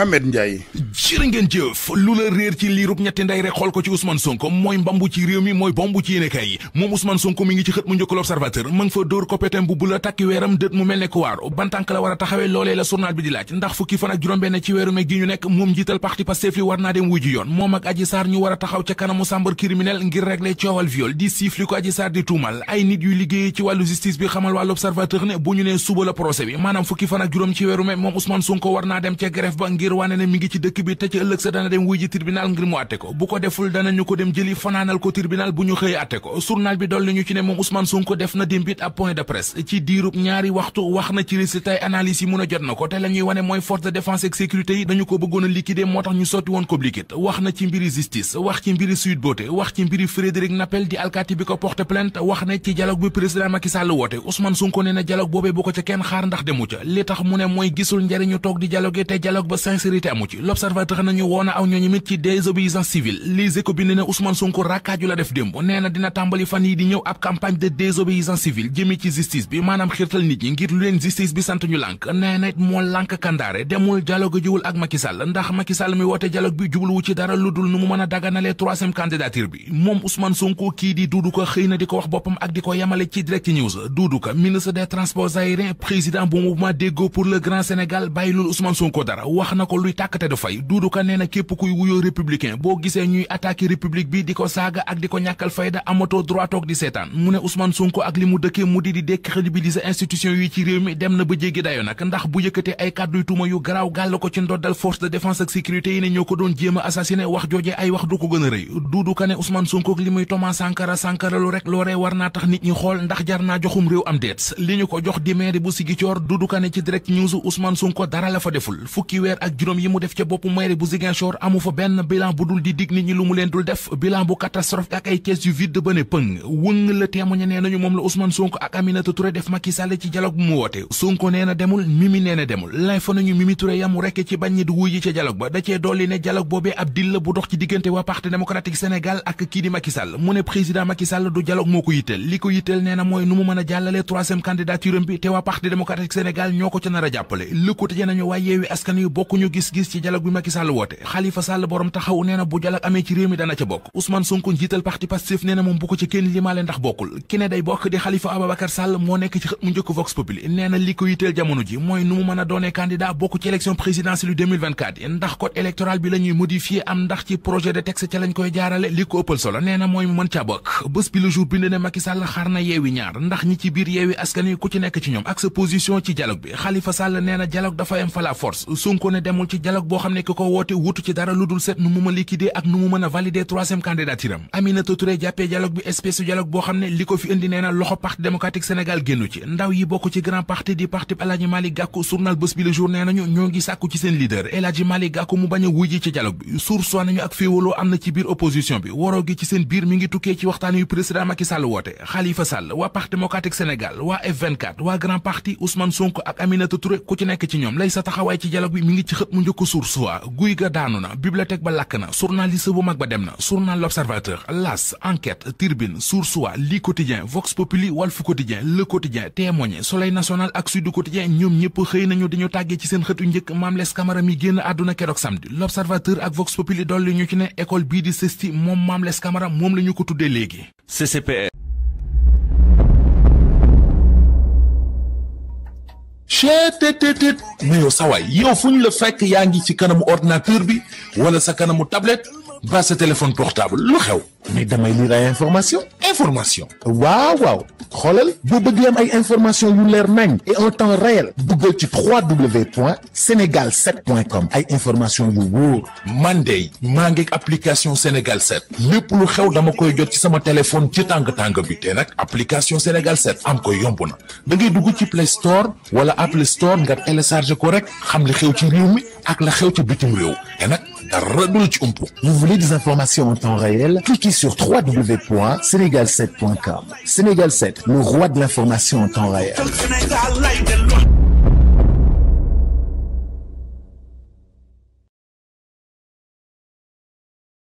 Mohamed mu mel ne ku waaru la war a taxawee loolee la journal bi di laaj ndax fukki fan juróom-benn ci weeru me gi ñu nekk moom njiital parti Pastef li war naa dem wuy yoon moom ak Adji ñu war a taxaw ca kanamu chambre criminelle ngir régler coowal viol di siifli ko Adji di tuumal ay nit yuy liggéey ci wàllu justice bi xamal waa l'Observateur ne bu ñu nee suba la procès bi maanaam fukki fan juróom ci weeru me moom Ousmane Sonko war naa dem ngir wane ne ci dëkk bi te ci ëllëg sa ko bu ko deful danañu ko dem jëli fanaanal ko tribunal bu ñu xëy àtte ko journal bi dolli ñu ci ne moom Ousmane Sonko def ñaari waxtu wax na ci résultat yi analyse yi mun jot na ko te la ñuy wane mooy force de défense et sécurité yi dañu ko bëggoon a liquider moo tax ñu sotti woon ko liquide wax na ci mbiri justice wax ci mbiri Sweet Beauté wax ci mbiri Frédéric Napel di alkaati bi ko porte plainte wax na ci dialogue bi président Macky Sall woote Ousmane Sonko ne na dialogue boobee bu ko ca kenn xaar ndax demu ca li tax mu ne mooy gisul njariñu toog di dialogue te dialogue ba sincérité amu ci l'observateur nañu woon a aw ñooñu mit ci désobéissance civile Les Échos bind ne Ousmane Sonko rakkaaju la def démb nee dina tàmbali fan yi di ñëw ab campagne de désobéissance civile jëmee ci justice bi maanaam xirtal nit ñi ngir lu leen justice bi sant lànk nee moo lànk kandaare demul dialogue jiwul ak Macky ndax Macky Sall mi woote dialogue bi jubluwu ci dara lu dul nu mu mën a daganalee troisième candidature bi moom Ousmane Sonko kii di Doudou Ka xëy na di ko wax boppam ak di ko yemale ci Direct News na ko luy tàkkate du fay Doudou Ka nee na képp kuy wuyoo républicain boo gisee ñuy attaqué république bi di ko saaga ak di ko ñàkkal fayda amatoo droit toog di seetaan mu ne Ousmane Sonko ak li mu dëkkee mu di di décrédibiliser institution yi ci réew mi dem na ba jéggi dayo nag ndax bu yëkkatee ay kàdduy tuuma yu garaaw gàll ko ci ndoddal force de défense ak sécurité yi ne ñoo ko doon jéem a assassiné wax joojee ay wax du ko gën a rëy Doudou Ka ne Ousmane Sonko ak li muy Thomas Sankara Sankara lu rek loolee tax nit ñi xool ndax jar naa joxum réew am déet ko jox di maire bu Ziguinchor Doudou Ka ne ci direct news Ousmane Sonko dara la fa deful fukki ak juróom yi mu def ca boppu mairie bu Ziguinchor amu fa benn bilan bu dul di dig nit ñi lu mu leen dul def bilan bu catastrophe ak ay kees yu vide ba ne pëng wëng la témoigné nee nañu moom la Ousmane Sonko ak Aminata Touré def Macky ci dialogue bu mu woote Sonko nee na demul Mimi nee na demul l'info nañu Mimi Touré yamu rekk ci bañ ñi di ca dialogue ba da dolli ne dialogue boobee ab dil bu dox ci diggante waa Parti démocratique Sénégal ak kii di Macky bokkuñu gis-gis ci dialogue ndax bokkul ki bi la ñuy am ndax ci projet de texte ca lañ koy jaarale li ko ëppal solo nee mooy mën caa bokk bés bi le jour bind ne Macky Sall xaar na yeewi ñaar ndax ñi ci biir yeewi askan ku ci nekk ci ñoom ak sa position ci dialogue bi Khalifa Sall nee na dialogue am fa la force demul ci mu ngi sàkku ci seen leader El Hadji mu bañ a wuy ci dialogue bi suur soo nañu ak féewaloo am na ci biir opposition bi waroo ci seen biir mi ngi tukkee ci waxtaan yu président Macky Sall woote Khalifa Sall waa parti démocratique Sénégal waa F24 waa grand parti Ousmane Sonko ak Aminata Touré ku ci nekk ci ñoom lay sa taxawaay ci dialogue bi mi ngi ci xët mu njëkko source wa guy ga daanu na bibliothèque ba lakk na journaliste bu mag ba dem na journal l'observateur las enquête tribune source wa li quotidien vox populi walf quotidien le quotidien témoigné soleil national ak sud quotidien ñoom ñëpp xëy nañu dañu tàggee ci seen xëtu njëkk maam les camara mi génn àdduna keroog samedi l'observateur ak vox populi dolli ñu ci ne école bii di sesti moom maam les moom la ko tuddee léegi cheetetetet mais yow sawaay yow fu la fekk yaa ngi ci kanamu ordinateur bi wala sa kanamu tablette ba sa téléphone portable lu xew mais damay lire ay information information waaw waaw xoolal boo bëgg am ay information yu leer nañ et en temps réel duggal ci w point sénégal ay information yu wóor man maa ngi application sénégal 7 lépp lu xew dama koy jot ci sama téléphone ci tàng tàng bi te nag application sénégal 7 am ko yomb na da ngay ci play store wala apple store nga télécharge ko rek xam li xew ci réew mi ak la xew ci bitim réew te ci umpu. Vous voulez des informations en temps réel? Cliquez sur www.senegal7.com. Sénégal 7, le roi de l'information en temps réel.